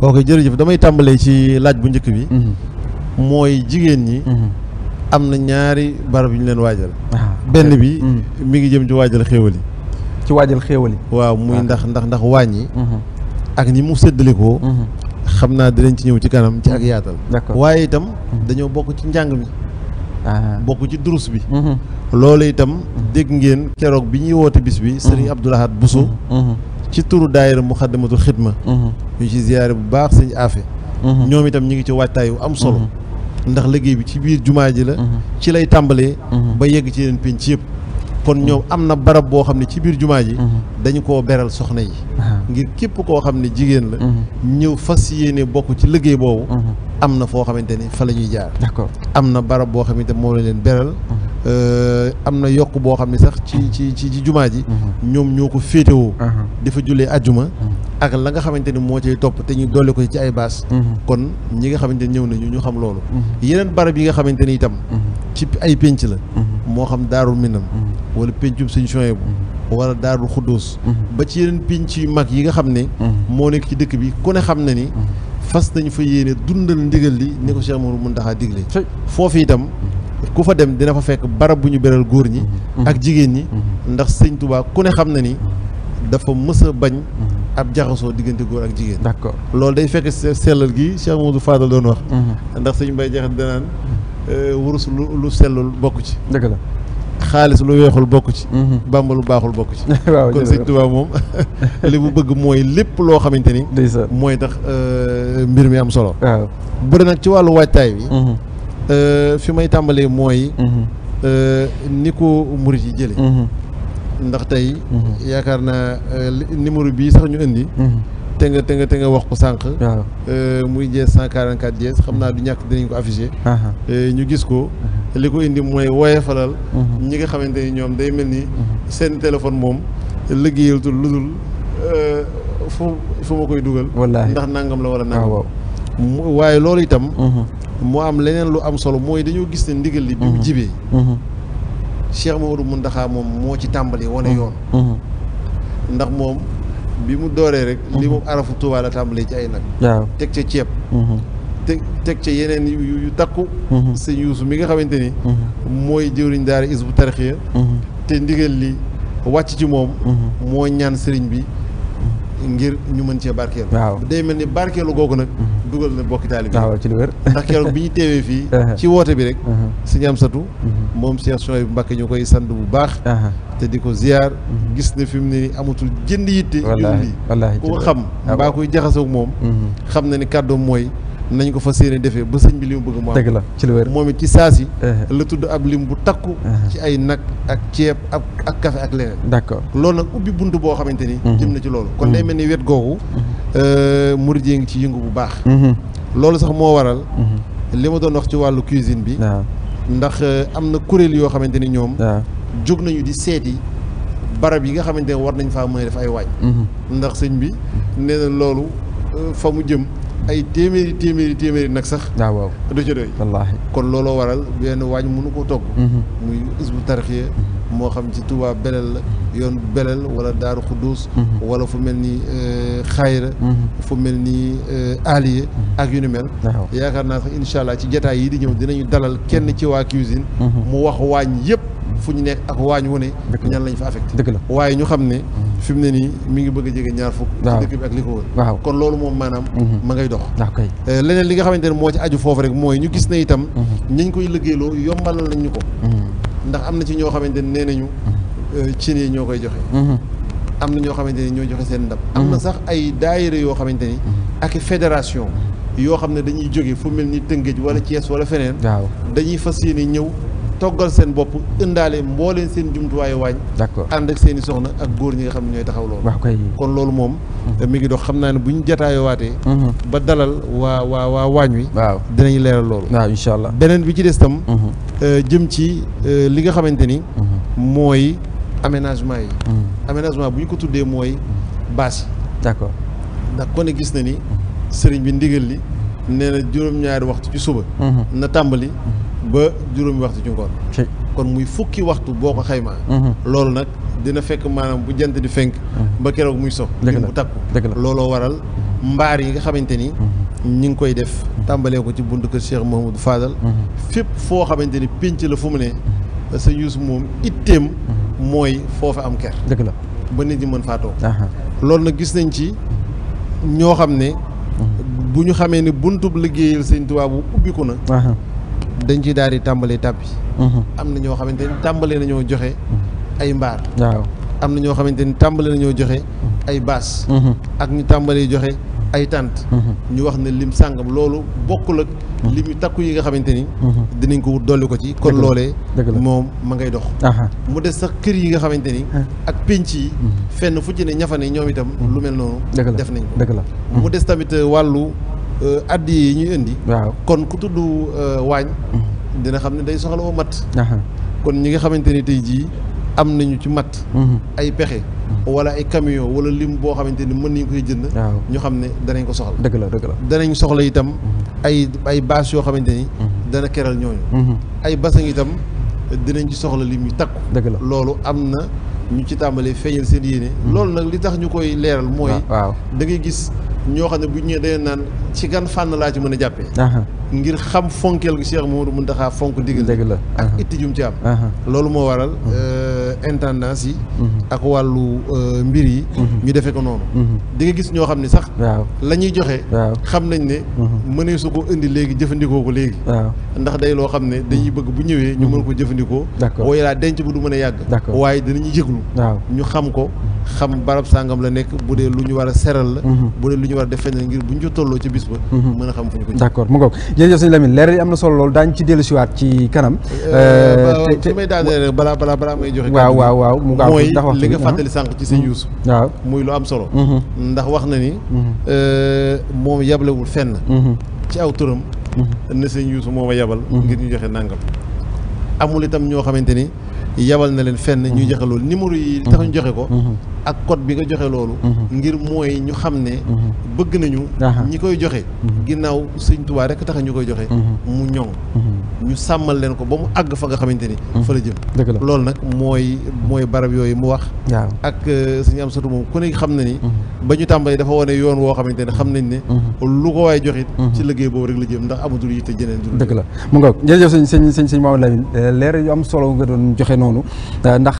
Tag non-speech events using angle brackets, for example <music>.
ok jërëjëf damay tàmbalee ci laaj bu njëkk bi. Mhm. mooy jigéen ñi. Mhm. am na ñaari barab yu ñu leen waajal. Ah, benn bi. mu mhm. ngi jëm ci waajal xéewal yi. ci waajal xéewal yi. waaw muy ah. ndax ndax ndax wàññi. ak ñi mu séddalikoo. xam naa dinañ ci ñëw ci kanam ci ak yaatal. waaye itam dañoo bokk ci njàng mi. Ah. bokk ci durus bi. loolu itam dégg ngeen keroog bi ñuy woote bis bi. Serigne Abdoul Ahad Bousso. ci turu daayira Muxaddamatul Xidma mhm. ñu ci ziyaare bu baax sëñ Afe mhm. ñoom itam ñi ngi ci waajtaay wu am solo mhm. ndax liggéey bi ci biir jumaa ji la ci lay tàmbalee ba yegg ci leen penc yëpp kon ñoom am na barab boo xam ne ci biir jumaa ji dañu ko beral soxna yi ngir képp koo xam ne jigéen la ñëw fas yéene bokk ci liggéey boobu am na foo xamante ne fa la ñuy jaar d'accord am na barab boo xamante moo leen beral Euh, am na yokk boo xam ne sax ci ci ci ci jumaa ji mhm. ñoom ñoo ko féetewoo mhm. dafa jullee ajjuma mhm. ak la nga xamante ni moo cay topp te ñu dolli ko ci ay baas kon ñi nga xamante ni ñëw nañu ñu xam loolu yeneen barab yi nga xamante ni itam ci ay pénc la moo xam daarul minam wala péncum suñu coye bu wala daarul xudduus ba ci yeneen pénc yu mag yi nga xam ne moo nekk ci dëkk bi ku ne xam na ni fas nañu fa yéene dundal ndigal li ni ko Cheikh Mourou Mountakha digle foofu itam ku fa dem dina fa fekk barab bu ñu beral góor ñi mhm. ak jigéen ñi mhm. ndax sëñ Tuubaa ku ne xam na ni dafa mës bañ mhm. ab jaxasoo diggante góor ak jigéen d'accord loolu day fekk sellal gi Cheikh Mamadou Fadal doon wax ndax sëñ Mbay Jaxate danaan euh, wurus lu lu sellul bokk ci dëgg la xaalis lu weexul bokk ci bàmba lu baaxul bokk ci <laughs> kon sëñ Tuubaa moom <laughs> li mu bëgg mooy lépp loo xamante ni mooy tax euh, mbir mi am solo bu dee nag ci wàllu waajtaay bi Euh, fi may tàmbalee mooy. Mhm. Euh, ni ko murit yi jëlee. Mhm. ndax tey. Mhm. yaakaar naa euh, numéro bii sax ñu indi. te nga te nga te nga wax ko sànq. muy jees 144 jees xam naa du ñàkk dinañ ko affiché. ñu gis ko. li ko indi mooy woye falal. ñi nga xamante ni ñoom day mel ni. seen téléphone moom liggéeyatul lu dul fu fu ma koy dugal. ndax nangam la wala nangam. Ah, waaye loolu itam. mu am leneen lu am solo mooy dañoo gis ne ndigal li bi mu mhm. jibee mhm. Cheikh Maodo Mountakha moom moo ci tàmbali wane mhm. yoon ndax moom bi mu dooree rek li moom arafu Tuubaa la tàmbalee ci ay nag teg ca ceeb teg teg ca yeneen yu takku sëñ Yuusu mi nga xamante ni mooy jëwriñ daara Hizbut Tarqiyyah te ndigal li wàcc ci moom moo ñaan sëriñ bi ngir ñu mën cee barkeelu day mel ni barkeelu googu nag dugal na bokki taalibe bi. waaw ci lu wér. ndax keroog bi ñu teewee fii. <laughs> ci woote bi rek. Uh-huh. sëñ Amsatu. Uh-huh. moom Cheikh Souhaïbou Mbacké ñu koy sant bu baax. Uh-huh. te di ko ziar. gis na fi mu ne nii amatul jënd yitte. wallaahi wallaahi ko xam. Ah, mbaa koy jaxasoo moom. xam na ni kàddoom mooy. nañ ko fa séenee defee ba sëñ bi li mu bëgg mu am dëgg la ci lu wér moom it ci saa si la tudd ab lim bu takku ci ay nag ak ceeb ak ak kafe ak leneen d'accord loolu nag ubbi bunt boo xamante ni jëm na ci loolu kon day mel Euh, murid yi ngi ci yëngu bu baax. Mhm. loolu sax moo waral. Mhm. li ma doon wax ci wàllu cuisine bi. ndax euh, am na kuréel yoo xamante ni ñoom. jóg nañu di seeti barab yi nga xamante ne war nañ fa mën a def ay waañ. Mhm. ndax sëñ bi nee loolu euh, fa mu jëm. ay téeméeri téeméeri téeméeri nag sax. waaw waaw du ci doy. kon looloo waral benn waañ mënu ko togg. muy isbu tarxiya moo xam ci tubaa Belel la yoon Belel wala Daaru Xudduus mhm. wala fu mel ni euh, xayra mhm. fu mel ni euh, aliye mhm. ak yu ni mel yaakaar naa sax incha allah ci jataay yi di ñëw dinañu dalal kenn ci waa cuisine mu wax waañ yëpp fu ñu nekk ak waañ wu ne ñan lañ fa affecté dëgg la waaye ñu xam ne fi mu ne nii mu ngi bëgg a jege ñaar fukk ci dëkk bi ak li ko wër kon loolu moom maanaam ma ngay dox euh, leneen li nga xamante ne moo ci aju foofu rek mooy ñu gis na itam ñañ koy liggéeyloo yombalal nañ ñu ko ndax am na ci ñoo xamante ne nee nañu euh, cin yi ñoo koy joxe mm-hmm. am na ñoo xamante ni ñoo joxe seen ndab am na mm-hmm. sax ay daayira yoo xamante ni mm-hmm. ak fédération yoo xam ne dañuy jóge fu mel ni Tëngéej wala Thiès wala feneen dañuy fas yéene ñëw toggal seen bopp ëndaale mbooleen seen jumtuwaayu waañ d'accord ànd ak seen i soxna ak góor ñi nga xam ne ñooy taxaw loolu kon loolu moom mi ngi dox xam naa ne bu ñu jataayoo waatee ba dalal waa waa waa waañ wi dinañu leeral loolu waaw incha allah beneen bi ci des tam Euh, jëm ci euh, li nga xamante ni. Mhm. mooy aménagement yi. Mhm. aménagement bu ñu ko tuddee mooy mhm. bâche yi. d'accord ndax kon gis na ni sëriñ bi ndigal li nee na juróom-ñaari waxtu ci suba. na tàmbali ba juróomi waxtu ci ngoon. kon muy fukki waxtu boo ko xaymaa. loolu nag dina fekk maanaam bu jant di fenk. ba keroog muy sox. dëgg la bu takku looloo waral mbaar yi nga xamante ni. ñi ngi koy def mhm. tàmbalee ko ci buntu kër Cheikh Mouhamadou Fadal mhm. fépp foo xamante ni pénc la fu mu ne sa yuus moom itteem mhm. mooy foofa am ker dëgg la ba nit ñi mën faa toog loolu na gis nañ ci ñoo xam ne bu ñu xamee ne buntub liggéeyal sëñ Tuubaa bu ubbiku na dañ ciy daal di tàmbalee tàbbi am na ñoo xamante ni tàmbalee nañoo joxe ay mbaar am na ñoo xamante ni tàmbalee nañoo joxe ay baas ak ñu tàmbalee joxe ay tànt ñu wax ne lim sàngam loolu bokkul ak lim yu takku yi nga xamante ni dinañ ko wut dolli ko ci kon loolee moom ma ngay dox mu des sax kër yi nga xamante ni ak pénc yi mhm. fenn fu ci ne ñafa ñoom itam mhm. lu mel noonu def nañ ko mu des tamit euh, wàllu euh, addi yi ñuy indi kon ku tudd euh, waañ mhm. dina xam ne day soxla woo mat kon ñi nga xamante ni tey jii am nañu ci mat ay pexe wala ay camion wala lim boo xamante ni mën nañu koy jënd ñu xam ne danañ ko soxla dëgg la dëgg la danañ soxla itam mhm. ay ay bâche yoo xamante ni mhm. dana keral ñooñu mhm. ay basang itam dinañ ci soxla lim yu takku dëgg la loolu am na ñu ci tàmbalee feeñal seen yéene loolu nag li tax ñu koy leeral mooy da ngay gis ñoo xam ne bu ñu ñëwee dañu naan ci gan fànn laa ci mën a jàppee ngir xam fonkeel gi Cheikh Mouhamadou Mountakha fonk ndigal dëgg la ak itti jum ci am loolu moo waral euh, intendance yi mhm. ak wàllu euh, mbir yi mhm. ñu defee ko noonu mhm. di nga gis ñoo xam ne sax la ñuy joxe xam nañ ne mënee su ko indi léegi jëfandikoo ko léegi ndax day loo xam ne dañuy bëgg bu ñëwee ñu mën ko jëfandikoo waaye laa denc bu du mën a yàgg waaye dinañu jéglu ñu xam ko xam barab sàngam la nekk bu dee lu ñu war a seral la bu dee lu ñu war a def feneen ngir bu ñu tolloo ci bis a xam fu ko jërëjëf sëñ Lamine leeral yi am na solo loolu daañu ci dellu siwaat ci kanam. Euh, euh, te may daaneel balaa balaa balaa may joxe. waaw waaw waaw mu gaaw ndax wax mooy li nga fàttali sànq ci sëñ mm-hmm. Youssou. waaw muy lu am solo. Mm-hmm. ndax wax na ni. Mm-hmm. Euh, moom yablewul fenn. ci aw turam. ne sëñ Youssou moom a yabal. ngir ñu joxe nangam. amul itam ñoo xamante ni. yebal na leen fenn ñu mhm. joxe loolu numéro yi tax ñu mhm. joxe ko mhm. ak code bi nga joxe loolu ngir mooy ñu xam ne bëgg nañu ñi koy joxe ginnaaw sëñ Tuubaa rek tax ñu koy joxe mu ñoŋ ñu sàmmal leen ko ba mu àgg fa nga xamante ni mm. fa la jëm loolu nag mooy mooy barab yooyu mu wax ak euh, suñu am satu moom ku ne xam na ni mm-hmm. ba ñu tàmbali dafa wane yoon woo xamante ne xam nañ ne mm-hmm. lu ko waay joxit mm-hmm. ci liggéey boobu rek la jëm ndax amatul yitte jeneen dëgg la mu nga jërëjëf sëñ sañ sañ sëñ Mamadou Lamine euh, leer yu am solo nga doon joxe noonu euh, ndax